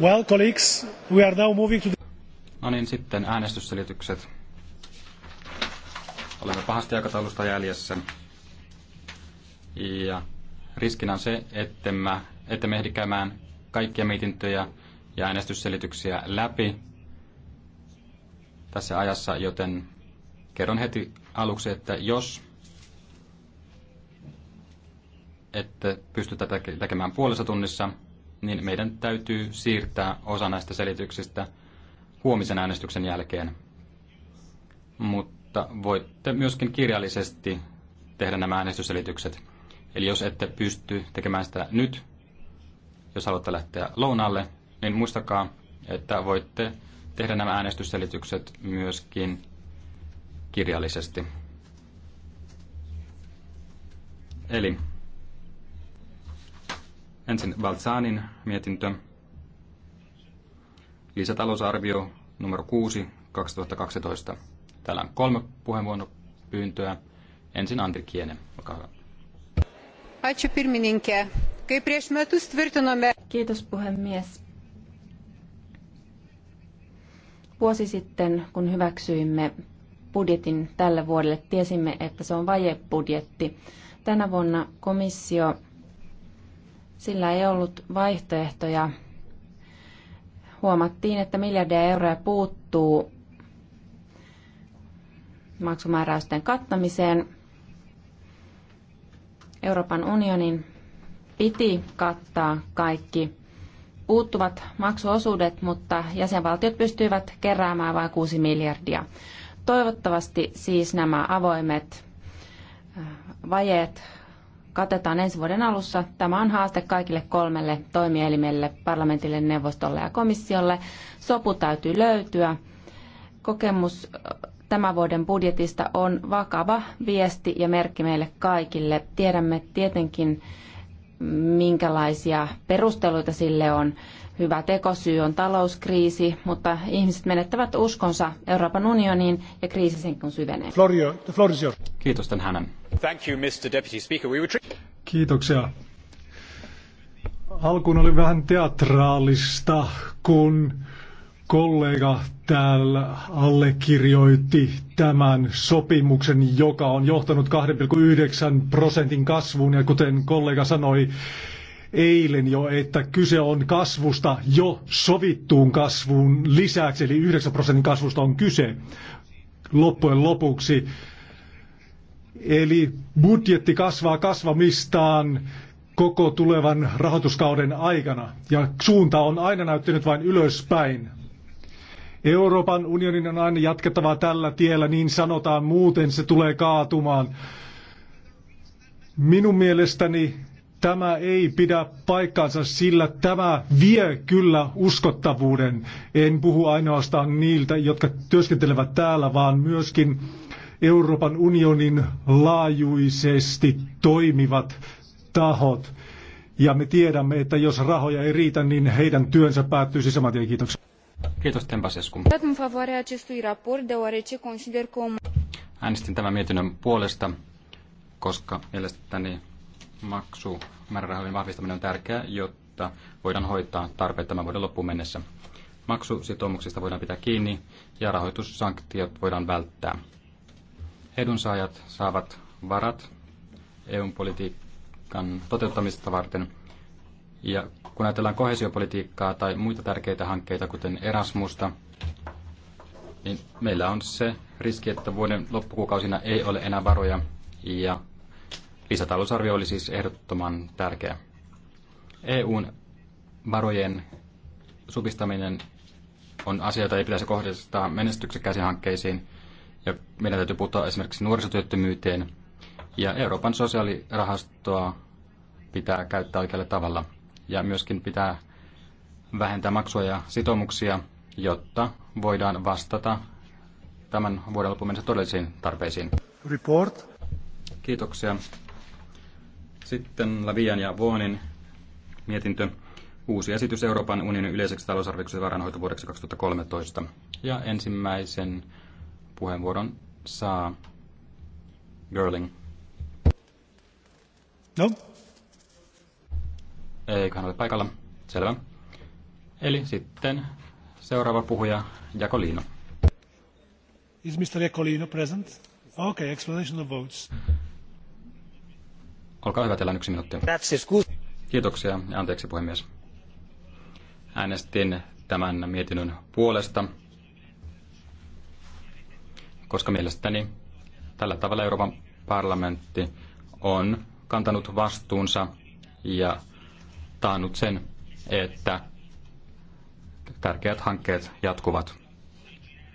Well, colleagues, we are now moving to... No niin, sitten äänestysselitykset. Olemme pahasti aikataulusta jäljessä. Ja riskinä on se, että me, että me ehdi käymään kaikkia mietintöjä ja äänestysselityksiä läpi tässä ajassa, joten kerron heti aluksi, että jos ette pysty tätä tekemään puolessa tunnissa, niin meidän täytyy siirtää osa näistä selityksistä huomisen äänestyksen jälkeen. Mutta voitte myöskin kirjallisesti tehdä nämä äänestysselitykset. Eli jos ette pysty tekemään sitä nyt, jos haluatte lähteä lounalle, niin muistakaa, että voitte tehdä nämä äänestysselitykset myöskin kirjallisesti. Eli Ensin Valtsanin mietintö. Lisätalousarvio numero 6 2012. Täällä on kolme puheenvuoropyyntöä. Ensin Antti Kiene, olkaa hyvä. Kiitos puhemies. Vuosi sitten, kun hyväksyimme budjetin tälle vuodelle, tiesimme, että se on vajebudjetti. Tänä vuonna komissio sillä ei ollut vaihtoehtoja. Huomattiin, että miljardia euroja puuttuu maksumääräysten kattamiseen. Euroopan unionin piti kattaa kaikki puuttuvat maksuosuudet, mutta jäsenvaltiot pystyivät keräämään vain 6 miljardia. Toivottavasti siis nämä avoimet äh, vajeet katetaan ensi vuoden alussa. Tämä on haaste kaikille kolmelle toimielimelle, parlamentille, neuvostolle ja komissiolle. Sopu täytyy löytyä. Kokemus tämän vuoden budjetista on vakava viesti ja merkki meille kaikille. Tiedämme tietenkin, minkälaisia perusteluita sille on, hyvä tekosyy on talouskriisi, mutta ihmiset menettävät uskonsa Euroopan unioniin ja kriisi sen kun syvenee. Florio, the floor is yours. Kiitos tämän hänen. Thank you, Mr. Deputy Speaker. We were... Kiitoksia. Alkuun oli vähän teatraalista, kun kollega täällä allekirjoitti tämän sopimuksen, joka on johtanut 2,9 prosentin kasvuun. Ja kuten kollega sanoi, eilen jo, että kyse on kasvusta jo sovittuun kasvuun lisäksi, eli 9 prosentin kasvusta on kyse loppujen lopuksi. Eli budjetti kasvaa kasvamistaan koko tulevan rahoituskauden aikana, ja suunta on aina näyttänyt vain ylöspäin. Euroopan unionin on aina jatkettava tällä tiellä, niin sanotaan, muuten se tulee kaatumaan. Minun mielestäni Tämä ei pidä paikkaansa, sillä tämä vie kyllä uskottavuuden. En puhu ainoastaan niiltä, jotka työskentelevät täällä, vaan myöskin Euroopan unionin laajuisesti toimivat tahot. Ja me tiedämme, että jos rahoja ei riitä, niin heidän työnsä päättyy saman tien. Kiitoksia. Kiitos Tempasescu. Äänestin tämän mietinnön puolesta, koska mielestäni maksumäärärahojen vahvistaminen on tärkeää, jotta voidaan hoitaa tarpeet tämän vuoden loppuun mennessä. Maksusitoumuksista voidaan pitää kiinni ja rahoitussanktiot voidaan välttää. Edunsaajat saavat varat eu politiikan toteuttamista varten. Ja kun ajatellaan kohesiopolitiikkaa tai muita tärkeitä hankkeita, kuten Erasmusta, niin meillä on se riski, että vuoden loppukuukausina ei ole enää varoja ja Lisätalousarvio oli siis ehdottoman tärkeä. EUn varojen supistaminen on asia, jota ei pitäisi kohdistaa menestyksekkäisiin hankkeisiin, ja meidän täytyy puuttua esimerkiksi nuorisotyöttömyyteen, ja Euroopan sosiaalirahastoa pitää käyttää oikealla tavalla, ja myöskin pitää vähentää maksuja ja sitoumuksia, jotta voidaan vastata tämän vuoden loppuun mennessä todellisiin tarpeisiin. Report. Kiitoksia. Sitten Lavian ja Vuonin mietintö. Uusi esitys Euroopan unionin yleiseksi talousarvioksi varanhoitovuodeksi 2013. Ja ensimmäisen puheenvuoron saa Girling. No? Eiköhän ole paikalla. Selvä. Eli sitten seuraava puhuja, Jakolino. Is Mr. Jakolino present? Okay, explanation of votes. Olkaa hyvä, teillä on yksi minuutti. Kiitoksia ja anteeksi puhemies. Äänestin tämän mietinnön puolesta, koska mielestäni tällä tavalla Euroopan parlamentti on kantanut vastuunsa ja taannut sen, että tärkeät hankkeet jatkuvat.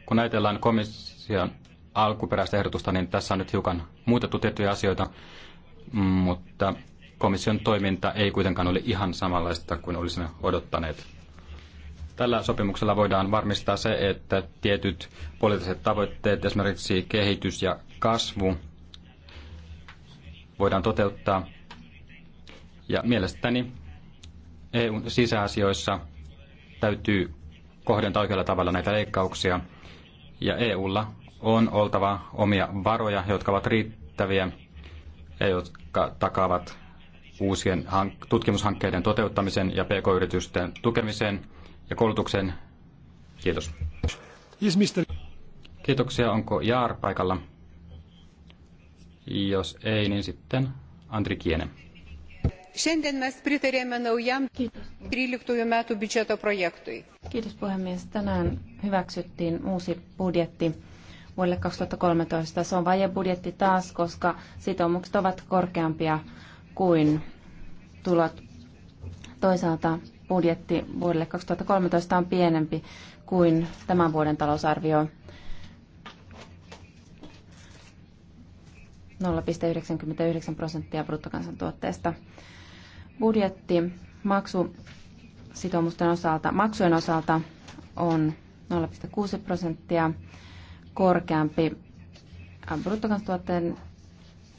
Kun ajatellaan komission alkuperäistä ehdotusta, niin tässä on nyt hiukan muutettu tiettyjä asioita mutta komission toiminta ei kuitenkaan ole ihan samanlaista kuin olisimme odottaneet. Tällä sopimuksella voidaan varmistaa se, että tietyt poliittiset tavoitteet, esimerkiksi kehitys ja kasvu, voidaan toteuttaa. Ja mielestäni EUn sisäasioissa täytyy kohdentaa oikealla tavalla näitä leikkauksia. Ja EUlla on oltava omia varoja, jotka ovat riittäviä ja jotka takaavat uusien hank- tutkimushankkeiden toteuttamisen ja pk-yritysten tukemisen ja koulutuksen Kiitos. Kiitoksia. Onko Jaar paikalla? Jos ei, niin sitten Andri Kienen. Šiandien mes pritarėme naujam 13 metų biudžeto projektui. Kiitos puhemies. Tänään hyväksyttiin uusi budjetti vuodelle 2013. Se on vajebudjetti taas, koska sitoumukset ovat korkeampia kuin tulot. Toisaalta budjetti vuodelle 2013 on pienempi kuin tämän vuoden talousarvio 0,99 prosenttia bruttokansantuotteesta. Budjetti maksusitoumusten osalta, maksujen osalta on 0,6 prosenttia korkeampi bruttokansantuotteen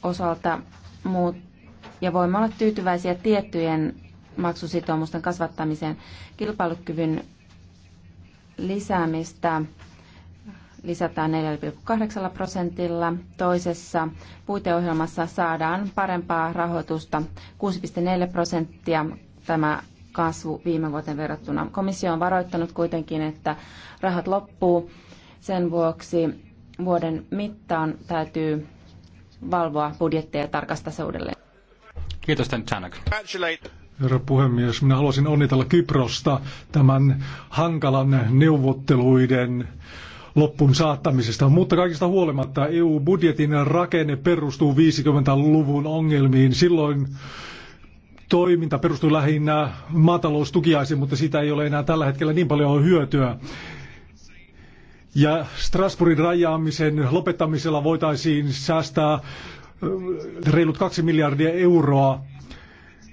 osalta, muut, ja voimme olla tyytyväisiä tiettyjen maksusitoumusten kasvattamiseen kilpailukyvyn lisäämistä lisätään 4,8 prosentilla. Toisessa puiteohjelmassa saadaan parempaa rahoitusta 6,4 prosenttia tämä kasvu viime vuoteen verrattuna. Komissio on varoittanut kuitenkin, että rahat loppuu sen vuoksi vuoden mittaan täytyy valvoa budjetteja tarkastaa se uudelleen. Kiitos, Tanak. Herra puhemies, minä haluaisin onnitella Kyprosta tämän hankalan neuvotteluiden loppuun saattamisesta, mutta kaikista huolimatta EU-budjetin rakenne perustuu 50-luvun ongelmiin. Silloin toiminta perustuu lähinnä maataloustukiaisiin, mutta siitä ei ole enää tällä hetkellä niin paljon hyötyä. Ja Strasbourgin rajaamisen lopettamisella voitaisiin säästää reilut kaksi miljardia euroa.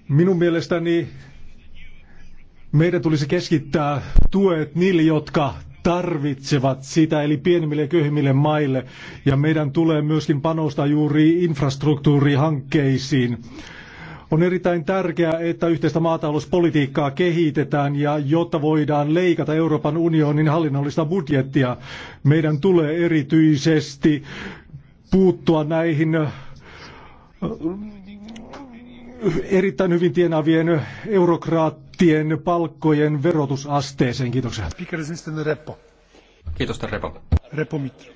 Minun mielestäni meidän tulisi keskittää tuet niille, jotka tarvitsevat sitä, eli pienemmille ja köyhimmille maille. Ja meidän tulee myöskin panostaa juuri infrastruktuurihankkeisiin. On erittäin tärkeää, että yhteistä maatalouspolitiikkaa kehitetään ja jotta voidaan leikata Euroopan unionin hallinnollista budjettia, meidän tulee erityisesti puuttua näihin erittäin hyvin tienaavien eurokraattien palkkojen verotusasteeseen. Kiitoksia. Kiitos, Reppo. Repo Mitro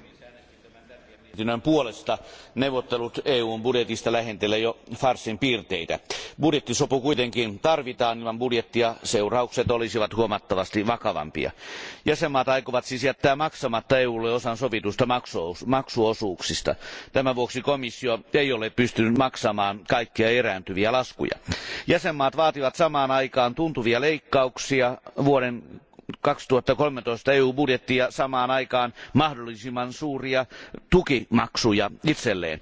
mietinnön puolesta neuvottelut eu n budjetista lähentelee jo farssin piirteitä. budjettisopu kuitenkin tarvitaan ilman budjettia seuraukset olisivat huomattavasti vakavampia. jäsenvaltiot aikovat siis jättää maksamatta eu lle osan sovituista maksuosuuksista. tämän vuoksi komissio ei ole pystynyt maksamaan kaikkia erääntyviä laskuja. jäsenvaltiot vaativat samaan aikaan tuntuvia leikkauksia vuoden kaksituhatta kolmetoista eu budjetti ja samaan aikaan mahdollisimman suuria tukimaksuja itselleen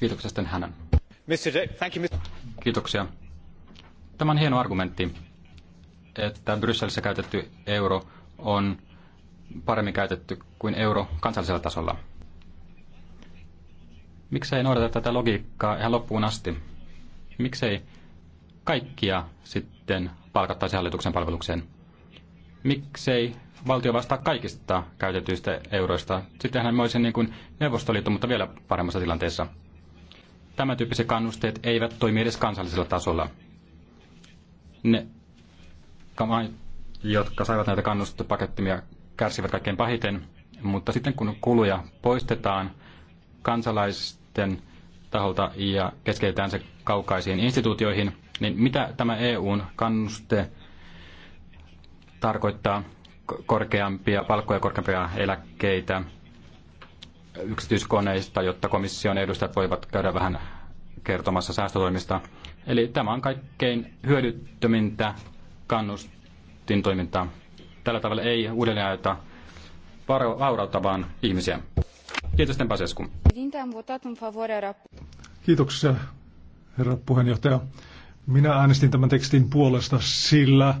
Kiitoksia sitten hänen. Kiitoksia. Tämä on hieno argumentti, että Brysselissä käytetty euro on paremmin käytetty kuin euro kansallisella tasolla. Miksei noudata tätä logiikkaa ihan loppuun asti? Miksei kaikkia sitten palkattaisi hallituksen palvelukseen? Miksei valtio vastaa kaikista käytetyistä euroista. Sittenhän me olisi niin kuin Neuvostoliitto, mutta vielä paremmassa tilanteessa. Tämän tyyppiset kannusteet eivät toimi edes kansallisella tasolla. Ne jotka saivat näitä kannustepakettimia, kärsivät kaikkein pahiten, mutta sitten kun kuluja poistetaan kansalaisten taholta ja keskeytetään se kaukaisiin instituutioihin, niin mitä tämä EUn kannuste tarkoittaa? korkeampia palkkoja, korkeampia eläkkeitä yksityiskoneista, jotta komission edustajat voivat käydä vähän kertomassa säästötoimista. Eli tämä on kaikkein hyödyttömintä toimintaa. Tällä tavalla ei uudelleen ajata vaurautta, vaan ihmisiä. Kiitos, Sesku. Kiitoksia, herra puheenjohtaja. Minä äänestin tämän tekstin puolesta, sillä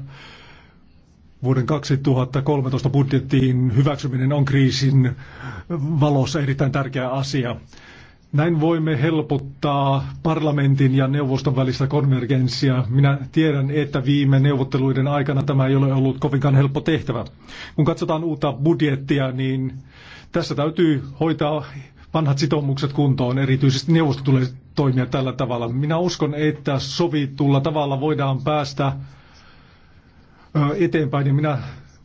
Vuoden 2013 budjettiin hyväksyminen on kriisin valossa erittäin tärkeä asia. Näin voimme helpottaa parlamentin ja neuvoston välistä konvergenssia. Minä tiedän, että viime neuvotteluiden aikana tämä ei ole ollut kovinkaan helppo tehtävä. Kun katsotaan uutta budjettia, niin tässä täytyy hoitaa vanhat sitoumukset kuntoon. Erityisesti neuvosto tulee toimia tällä tavalla. Minä uskon, että sovitulla tavalla voidaan päästä eteenpäin, niin minä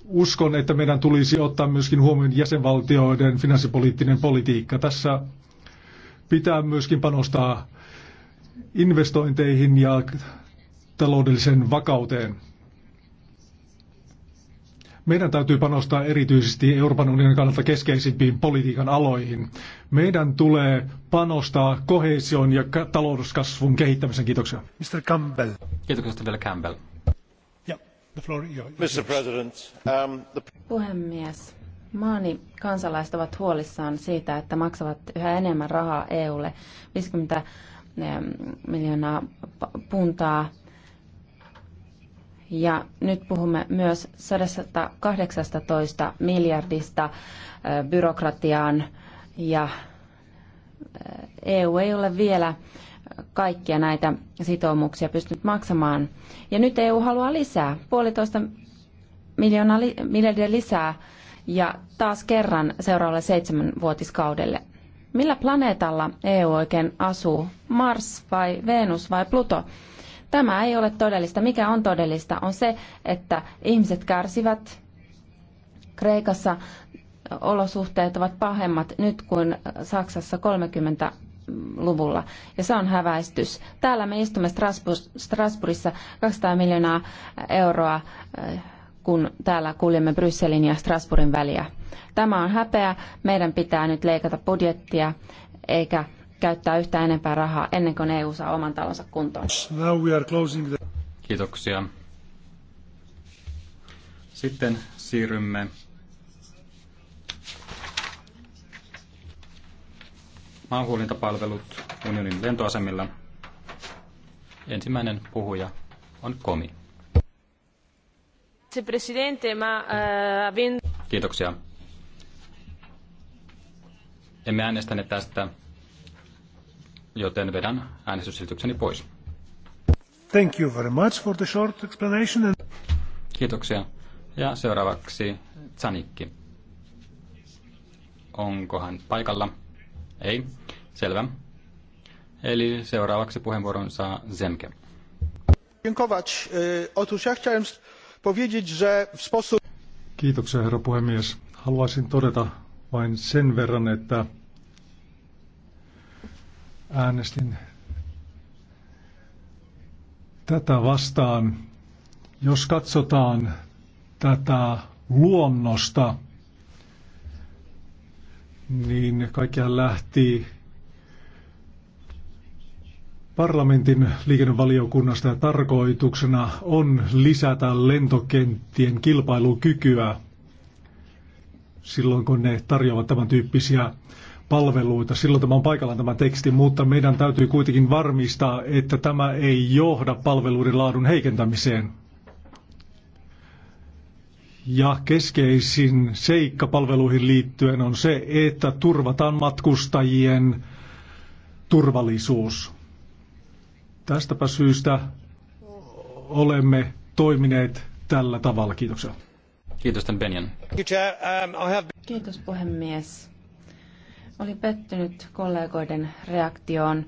uskon, että meidän tulisi ottaa myöskin huomioon jäsenvaltioiden finanssipoliittinen politiikka. Tässä pitää myöskin panostaa investointeihin ja taloudellisen vakauteen. Meidän täytyy panostaa erityisesti Euroopan unionin kannalta keskeisimpiin politiikan aloihin. Meidän tulee panostaa kohesion ja talouskasvun kehittämisen. Kiitoksia. Mr. Campbell. Kiitoksia vielä Campbell. Um, Puhemies, maani kansalaiset ovat huolissaan siitä, että maksavat yhä enemmän rahaa EUlle. 50 miljoonaa puntaa ja nyt puhumme myös 118 miljardista byrokratiaan ja EU ei ole vielä kaikkia näitä sitoumuksia pystynyt maksamaan. Ja nyt EU haluaa lisää, puolitoista miljoonaa miljardia lisää ja taas kerran seuraavalle seitsemänvuotiskaudelle. Millä planeetalla EU oikein asuu? Mars vai Venus vai Pluto? Tämä ei ole todellista. Mikä on todellista on se, että ihmiset kärsivät. Kreikassa olosuhteet ovat pahemmat nyt kuin Saksassa 30 luvulla. Ja se on häväistys. Täällä me istumme Strasbourgissa 200 miljoonaa euroa, äh, kun täällä kuljemme Brysselin ja Strasbourgin väliä. Tämä on häpeä. Meidän pitää nyt leikata budjettia eikä käyttää yhtään enempää rahaa ennen kuin EU saa oman talonsa kuntoon. Kiitoksia. Sitten siirrymme maanhuolintapalvelut unionin lentoasemilla. Ensimmäinen puhuja on Komi. Eh, Kiitoksia. Emme äänestäneet tästä, joten vedän äänestysselitykseni pois. Thank you very much for the short explanation. And... Kiitoksia. Ja seuraavaksi Zanikki. Onkohan paikalla? Ei. Selvä. Eli seuraavaksi puheenvuoron saa Zemke. Kiitoksia herra puhemies. Haluaisin todeta vain sen verran, että äänestin tätä vastaan. Jos katsotaan tätä luonnosta, niin kaikkihan lähti parlamentin liikennevaliokunnasta ja tarkoituksena on lisätä lentokenttien kilpailukykyä silloin, kun ne tarjoavat tämän tyyppisiä palveluita. Silloin tämä on paikallaan tämä teksti, mutta meidän täytyy kuitenkin varmistaa, että tämä ei johda palveluiden laadun heikentämiseen. Ja keskeisin seikka palveluihin liittyen on se, että turvataan matkustajien turvallisuus. Tästäpä syystä olemme toimineet tällä tavalla. Kiitoksia. Kiitos, Benjan. Kiitos, puhemies. Olin pettynyt kollegoiden reaktioon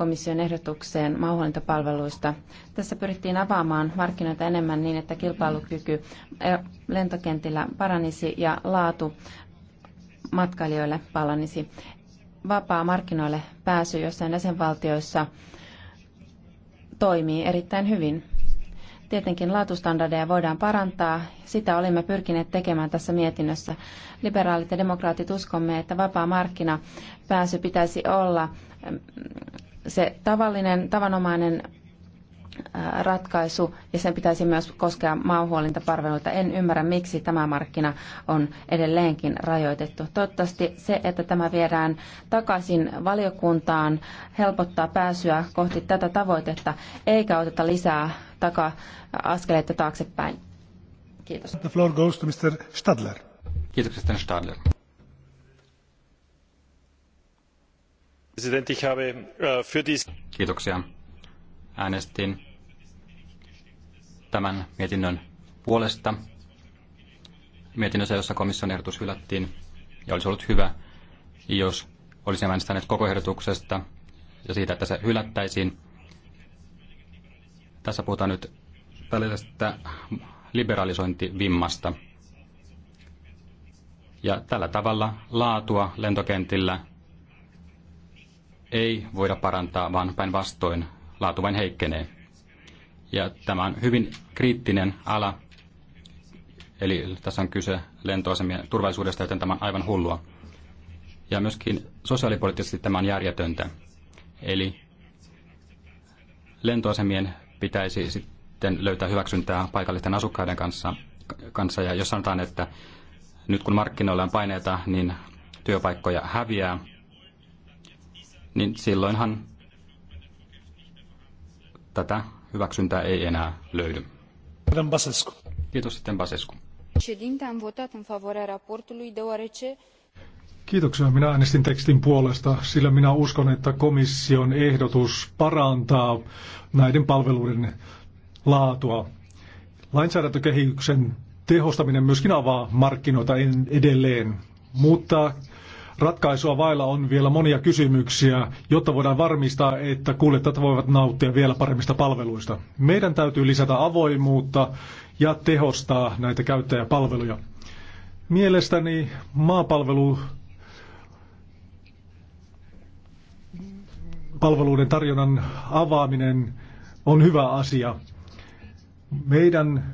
komission ehdotukseen maahuolintapalveluista. Tässä pyrittiin avaamaan markkinoita enemmän niin, että kilpailukyky eh, lentokentillä paranisi ja laatu matkailijoille paranisi. Vapaa markkinoille pääsy jossain jäsenvaltioissa toimii erittäin hyvin. Tietenkin laatustandardeja voidaan parantaa, sitä olimme pyrkineet tekemään tässä mietinnössä. Liberaalit ja demokraatit uskomme, että vapaa markkina pääsy pitäisi olla mm, se tavallinen, tavanomainen ratkaisu ja sen pitäisi myös koskea maanhuolintapalveluita. En ymmärrä, miksi tämä markkina on edelleenkin rajoitettu. Toivottavasti se, että tämä viedään takaisin valiokuntaan, helpottaa pääsyä kohti tätä tavoitetta, eikä oteta lisää taka-askeleita taaksepäin. Kiitos. The floor goes to Mr. Stadler. Kiitoksia, Stadler. Äh, Kiitoksia. Äänestin tämän mietinnön puolesta. Mietinnössä, jossa komission ehdotus hylättiin, ja olisi ollut hyvä, jos olisimme äänestäneet koko ehdotuksesta ja siitä, että se hylättäisiin. Tässä puhutaan nyt tällaisesta liberalisointivimmasta. Ja tällä tavalla laatua lentokentillä ei voida parantaa, vaan päinvastoin laatu vain heikkenee. Ja tämä on hyvin kriittinen ala, eli tässä on kyse lentoasemien turvallisuudesta, joten tämä on aivan hullua. Ja myöskin sosiaalipoliittisesti tämä on järjetöntä. Eli lentoasemien pitäisi sitten löytää hyväksyntää paikallisten asukkaiden kanssa, kanssa ja jos sanotaan, että nyt kun markkinoilla on paineita, niin työpaikkoja häviää, niin silloinhan tätä hyväksyntää ei enää löydy. Basescu. Kiitos sitten Basescu. Am votat în favoarea raportului deoarece Kiitoksia. Minä äänestin tekstin puolesta, sillä minä uskon, että komission ehdotus parantaa näiden palveluiden laatua. Lainsäädäntökehityksen tehostaminen myöskin avaa markkinoita edelleen, mutta Ratkaisua vailla on vielä monia kysymyksiä, jotta voidaan varmistaa, että kuljettajat voivat nauttia vielä paremmista palveluista. Meidän täytyy lisätä avoimuutta ja tehostaa näitä käyttäjäpalveluja. Mielestäni maapalvelu palveluiden tarjonnan avaaminen on hyvä asia. Meidän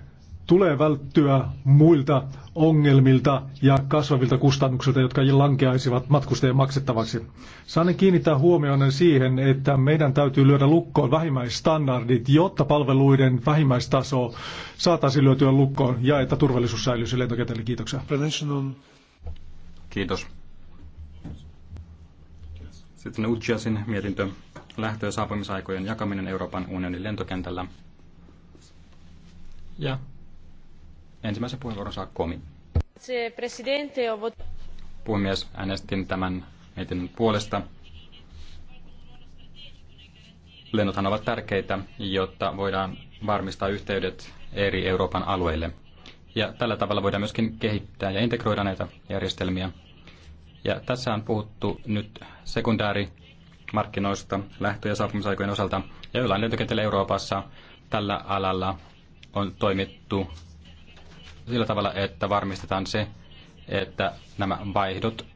Tulee välttyä muilta ongelmilta ja kasvavilta kustannuksilta, jotka lankeaisivat matkustajien maksettavaksi. Saan kiinnittää huomioon siihen, että meidän täytyy lyödä lukkoon vähimmäisstandardit, jotta palveluiden vähimmäistaso saataisiin lyötyä lukkoon ja että turvallisuus säilyisi lentokentällä. Kiitoksia. Kiitos. Sitten Utsiasin mietintö lähtö- ja saapumisaikojen jakaminen Euroopan unionin lentokentällä. Ja Ensimmäisen puheenvuoron saa Komi. Puhemies, äänestin tämän mietinnön puolesta. Lennothan ovat tärkeitä, jotta voidaan varmistaa yhteydet eri Euroopan alueille. Ja tällä tavalla voidaan myöskin kehittää ja integroida näitä järjestelmiä. Ja tässä on puhuttu nyt sekundäärimarkkinoista lähtö- ja saapumisaikojen osalta. Ja jollain lentokentällä Euroopassa tällä alalla on toimittu sillä tavalla, että varmistetaan se, että nämä vaihdot,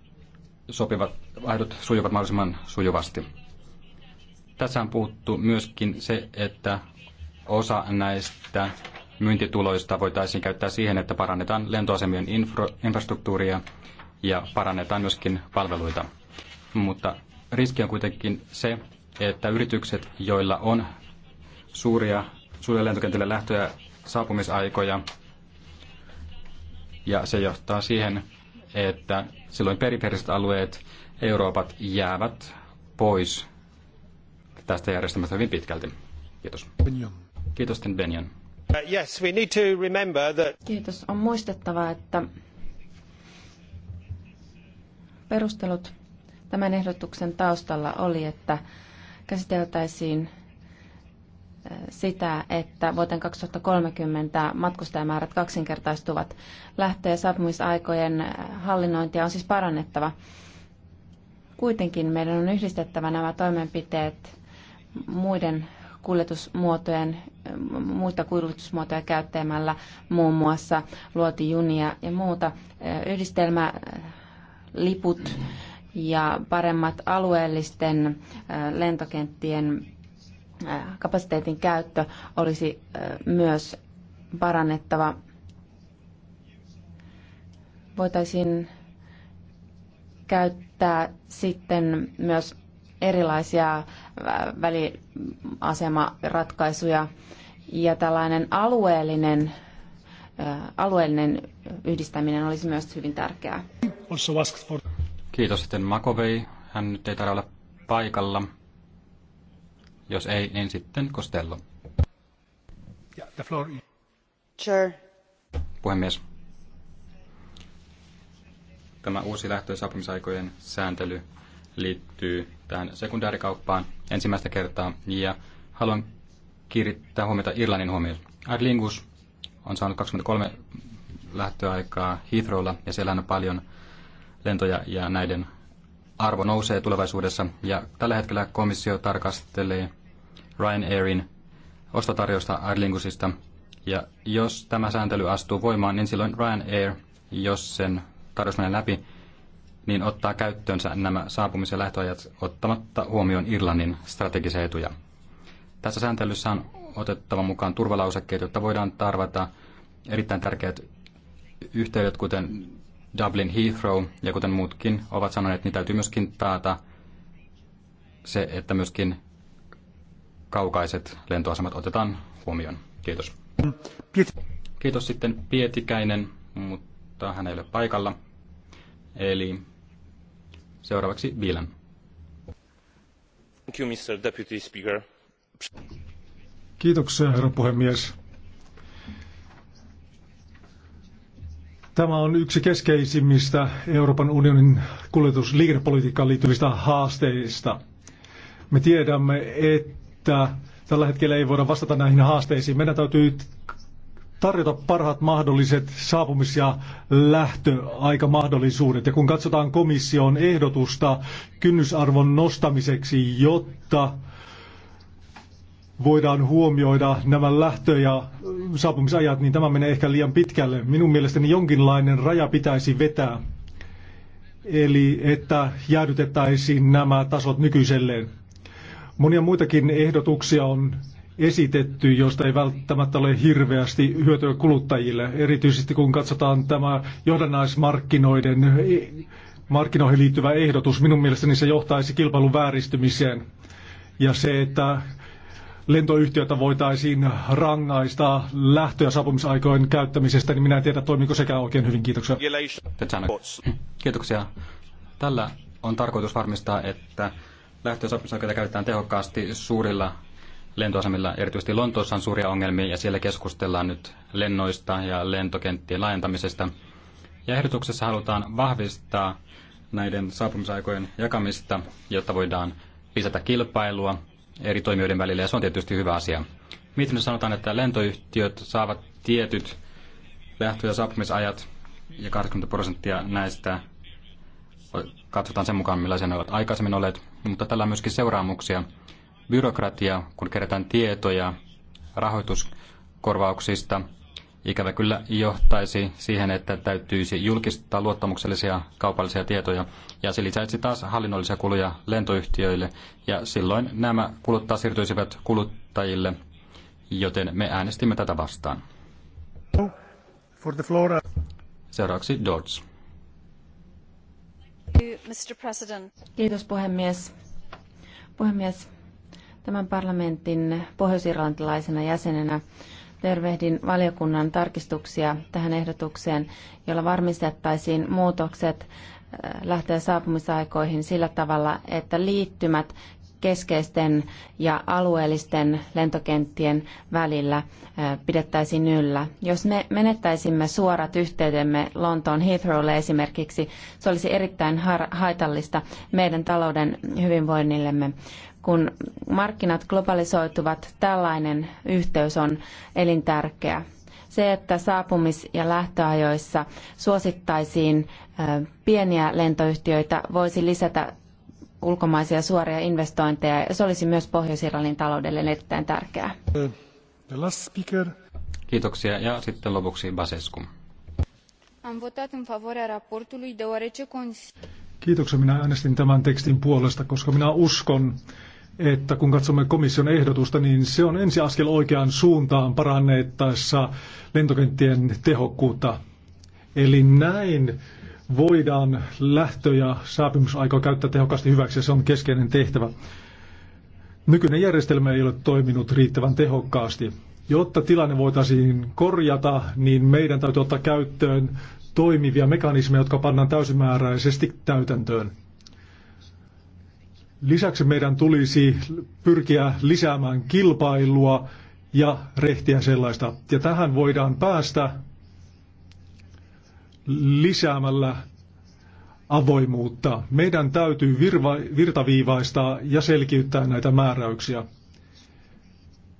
sopivat, vaihdot sujuvat mahdollisimman sujuvasti. Tässä on puhuttu myöskin se, että osa näistä myyntituloista voitaisiin käyttää siihen, että parannetaan lentoasemien infra, infrastruktuuria ja parannetaan myöskin palveluita. Mutta riski on kuitenkin se, että yritykset, joilla on suuria, suuria lentokentille lähtöjä saapumisaikoja, ja se johtaa siihen, että silloin periferiset alueet Euroopat jäävät pois tästä järjestelmästä hyvin pitkälti. Kiitos. Benjamin. Kiitos, Tim Uh, yes, we need to remember that... Kiitos. On muistettava, että perustelut tämän ehdotuksen taustalla oli, että käsiteltäisiin sitä, että vuoteen 2030 matkustajamäärät kaksinkertaistuvat. Lähtee saapumisaikojen hallinnointia on siis parannettava. Kuitenkin meidän on yhdistettävä nämä toimenpiteet muiden kuljetusmuotojen, muita kuljetusmuotoja käyttämällä, muun muassa luotijunia ja muuta. Yhdistelmäliput ja paremmat alueellisten lentokenttien kapasiteetin käyttö olisi myös parannettava. Voitaisiin käyttää sitten myös erilaisia väliasemaratkaisuja ja tällainen alueellinen, alueellinen yhdistäminen olisi myös hyvin tärkeää. Kiitos sitten Makovei. Hän nyt ei tarvitse olla paikalla. Jos ei, niin sitten Costello. Yeah, the floor. Chair. Puhemies. Tämä uusi lähtö- ja saapumisaikojen sääntely liittyy tähän sekundaarikauppaan ensimmäistä kertaa. Ja haluan kiirittää huomiota Irlannin huomioon. Arlingus on saanut 23 lähtöaikaa Heathrowlla ja siellä on paljon lentoja ja näiden arvo nousee tulevaisuudessa. Ja tällä hetkellä komissio tarkastelee Ryanairin ostotarjousta Airlingusista. Ja jos tämä sääntely astuu voimaan, niin silloin Ryanair, jos sen tarjous menee läpi, niin ottaa käyttöönsä nämä saapumis- ja lähtöajat ottamatta huomioon Irlannin strategisia etuja. Tässä sääntelyssä on otettava mukaan turvalausekkeet, jotta voidaan tarvata erittäin tärkeät yhteydet, kuten Dublin Heathrow ja kuten muutkin ovat sanoneet, niin täytyy myöskin taata se, että myöskin kaukaiset lentoasemat otetaan huomioon. Kiitos. Kiitos sitten Pietikäinen, mutta hän ei ole paikalla. Eli seuraavaksi Vilan. Thank you, Mr. Deputy Speaker. Kiitoksia, herra puhemies. Tämä on yksi keskeisimmistä Euroopan unionin kuljetusliikennepolitiikkaan liittyvistä haasteista. Me tiedämme, että että tällä hetkellä ei voida vastata näihin haasteisiin. Meidän täytyy tarjota parhaat mahdolliset saapumis- ja lähtöaikamahdollisuudet. Ja kun katsotaan komission ehdotusta kynnysarvon nostamiseksi, jotta voidaan huomioida nämä lähtö- ja saapumisajat, niin tämä menee ehkä liian pitkälle. Minun mielestäni jonkinlainen raja pitäisi vetää, eli että jäädytettäisiin nämä tasot nykyiselleen. Monia muitakin ehdotuksia on esitetty, josta ei välttämättä ole hirveästi hyötyä kuluttajille, erityisesti kun katsotaan tämä johdannaismarkkinoiden markkinoihin liittyvä ehdotus. Minun mielestäni se johtaisi kilpailun vääristymiseen ja se, että lentoyhtiötä voitaisiin rangaista lähtö- ja saapumisaikojen käyttämisestä, niin minä en tiedä, toimiko sekään oikein hyvin. Kiitoksia. Kiitoksia. Tällä on tarkoitus varmistaa, että lähtöosapuolisoikeutta käytetään tehokkaasti suurilla lentoasemilla. Erityisesti Lontoossa on suuria ongelmia ja siellä keskustellaan nyt lennoista ja lentokenttien laajentamisesta. Ja ehdotuksessa halutaan vahvistaa näiden saapumisaikojen jakamista, jotta voidaan lisätä kilpailua eri toimijoiden välillä, ja se on tietysti hyvä asia. Mietinnössä sanotaan, että lentoyhtiöt saavat tietyt lähtö- ja saapumisajat, ja 80 prosenttia näistä katsotaan sen mukaan, millaisia ne ovat aikaisemmin olleet, mutta tällä on myöskin seuraamuksia. Byrokratia, kun kerätään tietoja rahoituskorvauksista, ikävä kyllä johtaisi siihen, että täytyisi julkistaa luottamuksellisia kaupallisia tietoja, ja se lisäisi taas hallinnollisia kuluja lentoyhtiöille, ja silloin nämä taas siirtyisivät kuluttajille, joten me äänestimme tätä vastaan. For the Seuraavaksi Dodds. Kiitos puhemies. Puhemies, tämän parlamentin pohjoisirlantilaisena jäsenenä tervehdin valiokunnan tarkistuksia tähän ehdotukseen, jolla varmistettaisiin muutokset äh, lähtee saapumisaikoihin sillä tavalla, että liittymät keskeisten ja alueellisten lentokenttien välillä pidettäisiin yllä. Jos me menettäisimme suorat yhteytemme Lontoon Heathrowlle esimerkiksi, se olisi erittäin haitallista meidän talouden hyvinvoinnillemme. Kun markkinat globalisoituvat, tällainen yhteys on elintärkeä. Se, että saapumis- ja lähtöajoissa suosittaisiin pieniä lentoyhtiöitä, voisi lisätä ulkomaisia suoria investointeja. Se olisi myös Pohjois-Irlannin taloudelle erittäin tärkeää. Kiitoksia ja sitten lopuksi Basescu. Am votat în favoarea raportului deoarece Kiitoksia. Minä äänestin tämän tekstin puolesta, koska minä uskon, että kun katsomme komission ehdotusta, niin se on ensiaskel oikeaan suuntaan parannettaessa lentokenttien tehokkuutta. Eli näin voidaan lähtö- ja saapumisaikaa käyttää tehokkaasti hyväksi ja se on keskeinen tehtävä. Nykyinen järjestelmä ei ole toiminut riittävän tehokkaasti. Jotta tilanne voitaisiin korjata, niin meidän täytyy ottaa käyttöön toimivia mekanismeja, jotka pannaan täysimääräisesti täytäntöön. Lisäksi meidän tulisi pyrkiä lisäämään kilpailua ja rehtiä sellaista. Ja tähän voidaan päästä lisäämällä avoimuutta. Meidän täytyy virva, virtaviivaistaa ja selkiyttää näitä määräyksiä.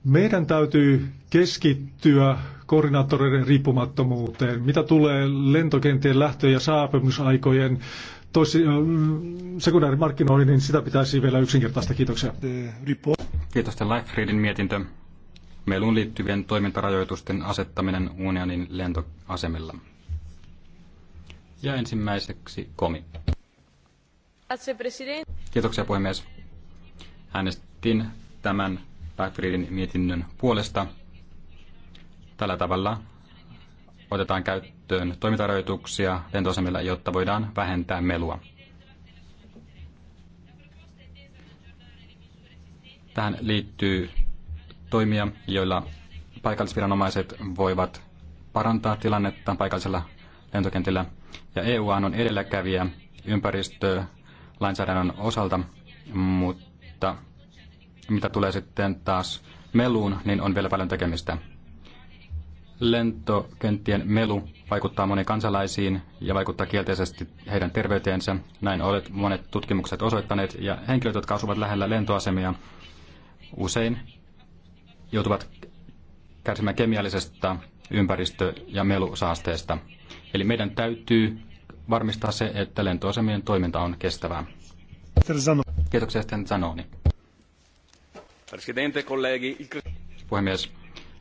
Meidän täytyy keskittyä koordinaattoreiden riippumattomuuteen, mitä tulee lentokenttien lähtö- ja saapumisaikojen toisi, sekundaarimarkkinoihin, niin sitä pitäisi vielä yksinkertaista. Kiitoksia. Kiitos tämän Lifefreedin mietintö. Meluun liittyvien toimintarajoitusten asettaminen unionin lentoasemilla. Ja ensimmäiseksi Komi. Kiitoksia puhemies. Äänestin tämän Backfieldin mietinnön puolesta. Tällä tavalla otetaan käyttöön toimintarajoituksia lentoasemilla, jotta voidaan vähentää melua. Tähän liittyy toimia, joilla paikallisviranomaiset voivat parantaa tilannetta paikallisella lentokentillä – ja eu on edelläkävijä ympäristölainsäädännön osalta, mutta mitä tulee sitten taas meluun, niin on vielä paljon tekemistä. Lentokenttien melu vaikuttaa moniin kansalaisiin ja vaikuttaa kielteisesti heidän terveyteensä. Näin olet monet tutkimukset osoittaneet ja henkilöt, jotka asuvat lähellä lentoasemia, usein joutuvat kärsimään kemiallisesta ympäristö- ja melusaasteesta. Eli meidän täytyy varmistaa se, että lentoasemien toiminta on kestävää. Kiitoksia sitten Zanoni. Puhemies,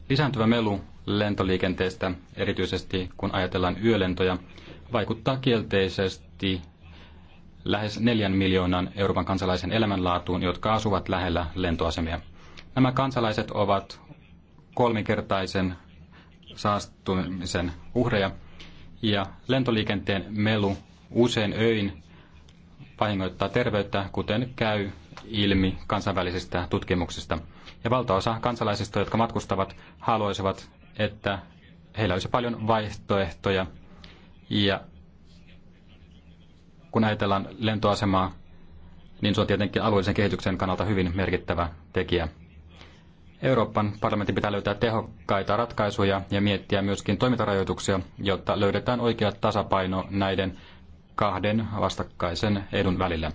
lisääntyvä melu lentoliikenteestä, erityisesti kun ajatellaan yölentoja, vaikuttaa kielteisesti lähes neljän miljoonan Euroopan kansalaisen elämänlaatuun, jotka asuvat lähellä lentoasemia. Nämä kansalaiset ovat kolminkertaisen saastumisen uhreja ja lentoliikenteen melu usein öin vahingoittaa terveyttä, kuten käy ilmi kansainvälisistä tutkimuksista. Ja valtaosa kansalaisista, jotka matkustavat, haluaisivat, että heillä olisi paljon vaihtoehtoja. Ja kun ajatellaan lentoasemaa, niin se on tietenkin alueellisen kehityksen kannalta hyvin merkittävä tekijä. Euroopan parlamentin pitää löytää tehokkaita ratkaisuja ja miettiä myöskin toimintarajoituksia, jotta löydetään oikea tasapaino näiden kahden vastakkaisen edun välillä.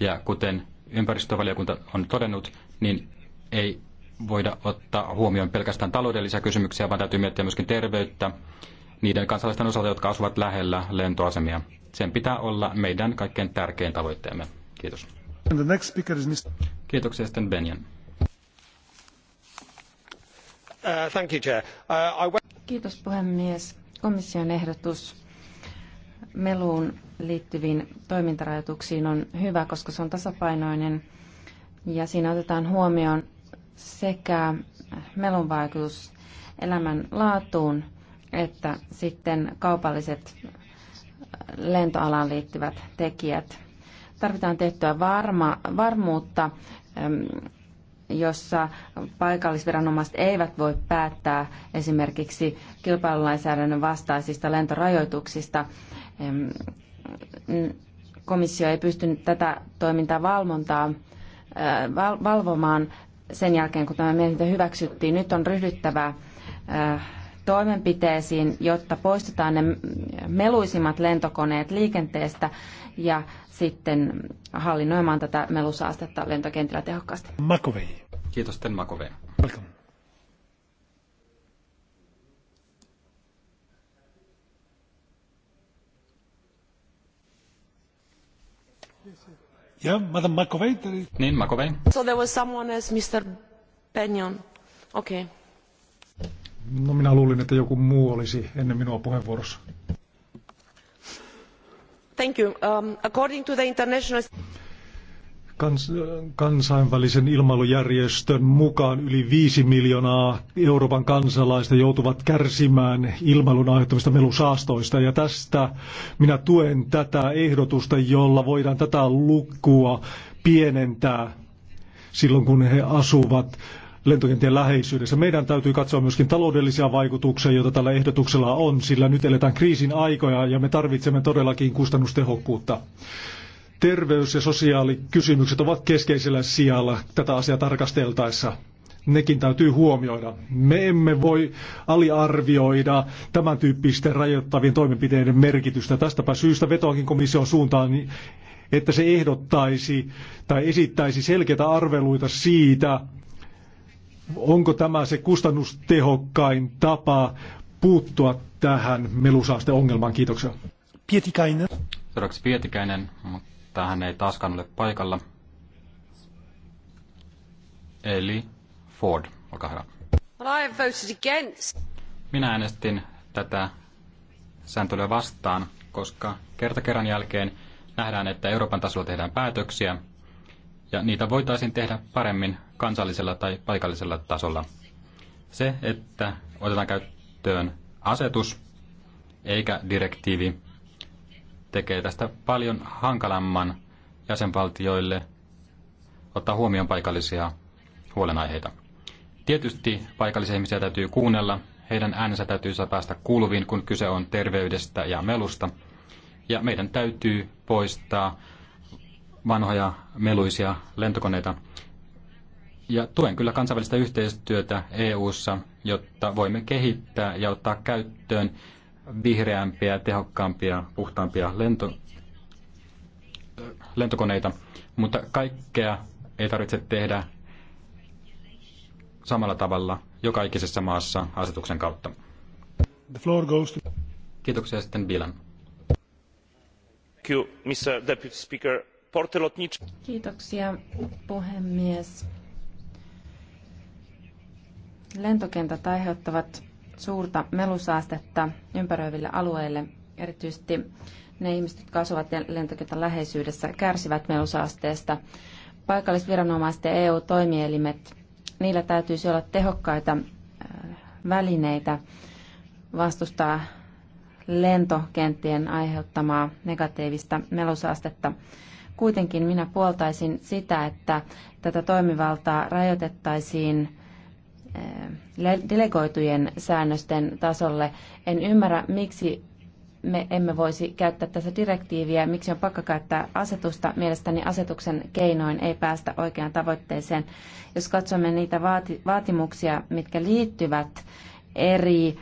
Ja kuten ympäristövaliokunta on todennut, niin ei voida ottaa huomioon pelkästään taloudellisia kysymyksiä, vaan täytyy miettiä myöskin terveyttä niiden kansalaisten osalta, jotka asuvat lähellä lentoasemia. Sen pitää olla meidän kaikkein tärkein tavoitteemme. Kiitos. Kiitoksia sitten Benjan. Uh, uh, Kiitos puhemies. Komission ehdotus meluun liittyviin toimintarajoituksiin on hyvä, koska se on tasapainoinen ja siinä otetaan huomioon sekä melun vaikutus elämän laatuun että sitten kaupalliset lentoalaan liittyvät tekijät. Tarvitaan tiettyä varma, varmuutta jossa paikallisviranomaiset eivät voi päättää esimerkiksi kilpailulainsäädännön vastaisista lentorajoituksista. Komissio ei pystynyt tätä toimintaa valvontaa, valvomaan sen jälkeen, kun tämä mietintö hyväksyttiin. Nyt on ryhdyttävä toimenpiteisiin, jotta poistetaan ne meluisimmat lentokoneet liikenteestä ja sitten hallinnoimaan tätä melusaastetta lentokentillä tehokkaasti. Makovei. Kiitos, Ten Makovei. Welcome. Yeah, Madam McAvey, Niin, McAvey. So there was someone as Mr. Bennion. Okay. No minä luulin, että joku muu olisi ennen minua puheenvuorossa. Thank you. Um, according to the international... Kans, kansainvälisen ilmailujärjestön mukaan yli 5 miljoonaa Euroopan kansalaista joutuvat kärsimään ilmailun aiheuttamista melusaastoista. Ja tästä minä tuen tätä ehdotusta, jolla voidaan tätä lukua pienentää silloin, kun he asuvat lentokentien läheisyydessä. Meidän täytyy katsoa myöskin taloudellisia vaikutuksia, joita tällä ehdotuksella on, sillä nyt eletään kriisin aikoja ja me tarvitsemme todellakin kustannustehokkuutta. Terveys- ja sosiaalikysymykset ovat keskeisellä sijalla tätä asiaa tarkasteltaessa. Nekin täytyy huomioida. Me emme voi aliarvioida tämän tyyppisten rajoittavien toimenpiteiden merkitystä. Tästäpä syystä vetoakin komission suuntaan niin että se ehdottaisi tai esittäisi selkeitä arveluita siitä, onko tämä se kustannustehokkain tapa puuttua tähän melusaasteongelmaan? Kiitoksia. Pietikäinen. Seuraavaksi Pietikäinen, mutta hän ei taaskaan ole paikalla. Eli Ford, olkaa hyvä. Well, I voted against. Minä äänestin tätä sääntelyä vastaan, koska kerta kerran jälkeen nähdään, että Euroopan tasolla tehdään päätöksiä, ja niitä voitaisiin tehdä paremmin kansallisella tai paikallisella tasolla. Se, että otetaan käyttöön asetus eikä direktiivi, tekee tästä paljon hankalamman jäsenvaltioille ottaa huomioon paikallisia huolenaiheita. Tietysti paikallisia ihmisiä täytyy kuunnella, heidän äänensä täytyy päästä kuuluviin, kun kyse on terveydestä ja melusta. Ja meidän täytyy poistaa vanhoja meluisia lentokoneita. Ja tuen kyllä kansainvälistä yhteistyötä EU:ssa, jotta voimme kehittää ja ottaa käyttöön vihreämpiä, tehokkaampia, puhtaampia lento, lentokoneita, mutta kaikkea ei tarvitse tehdä samalla tavalla joka ikisessä maassa asetuksen kautta. The floor goes to... Kiitoksia sitten Bilan. Mr. Deputy Speaker. Kiitoksia puhemies. Lentokentät aiheuttavat suurta melusaastetta ympäröiville alueille. Erityisesti ne ihmiset, jotka asuvat lentokentän läheisyydessä, kärsivät melusaasteesta. Paikallisviranomaiset ja EU-toimielimet, niillä täytyisi olla tehokkaita äh, välineitä vastustaa lentokenttien aiheuttamaa negatiivista melusaastetta. Kuitenkin minä puoltaisin sitä, että tätä toimivaltaa rajoitettaisiin Eh, delegoitujen säännösten tasolle. En ymmärrä, miksi me emme voisi käyttää tässä direktiiviä, miksi on pakko käyttää asetusta. Mielestäni asetuksen keinoin ei päästä oikeaan tavoitteeseen. Jos katsomme niitä vaati- vaatimuksia, mitkä liittyvät eri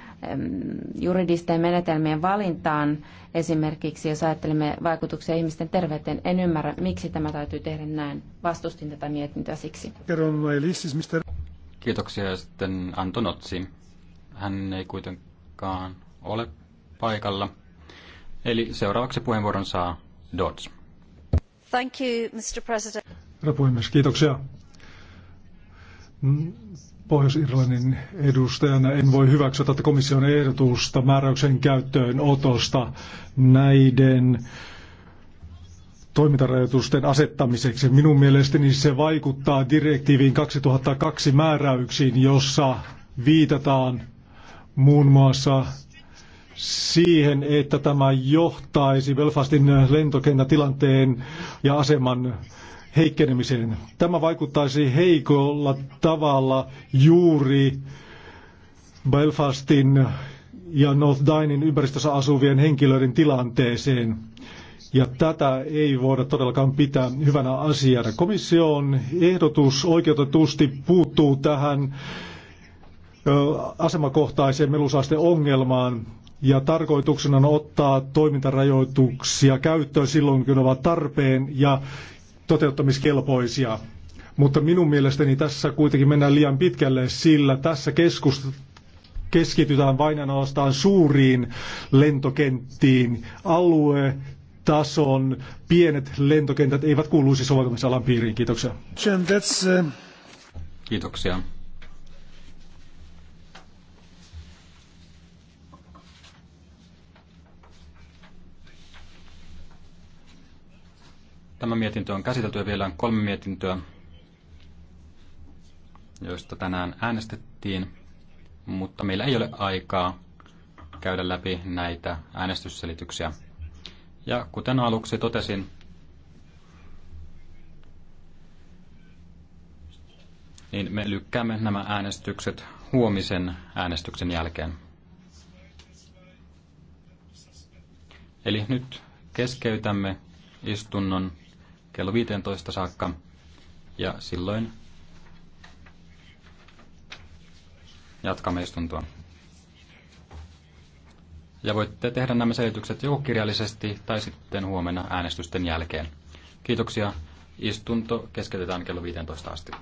juridisten menetelmien valintaan, esimerkiksi jos ajattelemme vaikutuksia ihmisten terveyteen, en ymmärrä, miksi tämä täytyy tehdä näin. Vastustin tätä mietintöä siksi. Kiitoksia ja sitten Anton Otsi. Hän ei kuitenkaan ole paikalla. Eli seuraavaksi puheenvuoron saa Dodds. Thank you, Mr. President. Herra puhemies, kiitoksia. Mm, Pohjois-Irlannin edustajana en voi hyväksyä tätä komission ehdotusta määräyksen käyttöön otosta näiden toimintarajoitusten asettamiseksi. Minun mielestäni se vaikuttaa direktiiviin 2002 määräyksiin, jossa viitataan muun muassa siihen, että tämä johtaisi Belfastin lentokentän tilanteen ja aseman heikkenemiseen. Tämä vaikuttaisi heikolla tavalla juuri Belfastin ja North Dinin ympäristössä asuvien henkilöiden tilanteeseen. Ja tätä ei voida todellakaan pitää hyvänä asiana. Komission ehdotus oikeutetusti puuttuu tähän asemakohtaiseen melusaste ongelmaan ja tarkoituksena on ottaa toimintarajoituksia käyttöön silloin, kun ne ovat tarpeen ja toteuttamiskelpoisia. Mutta minun mielestäni tässä kuitenkin mennään liian pitkälle, sillä tässä keskustelussa keskitytään vain ja suuriin lentokenttiin. Alue, tason pienet lentokentät eivät kuuluisi siis soveltamisalan piiriin. Kiitoksia. Uh, Kiitoksia. Tämä mietintö on käsitelty ja vielä kolme mietintöä, joista tänään äänestettiin, mutta meillä ei ole aikaa käydä läpi näitä äänestysselityksiä. Ja kuten aluksi totesin, niin me lykkäämme nämä äänestykset huomisen äänestyksen jälkeen. Eli nyt keskeytämme istunnon kello 15 saakka ja silloin jatkamme istuntoa. Ja voitte tehdä nämä selitykset joko kirjallisesti tai sitten huomenna äänestysten jälkeen. Kiitoksia. Istunto keskeytetään kello 15 asti.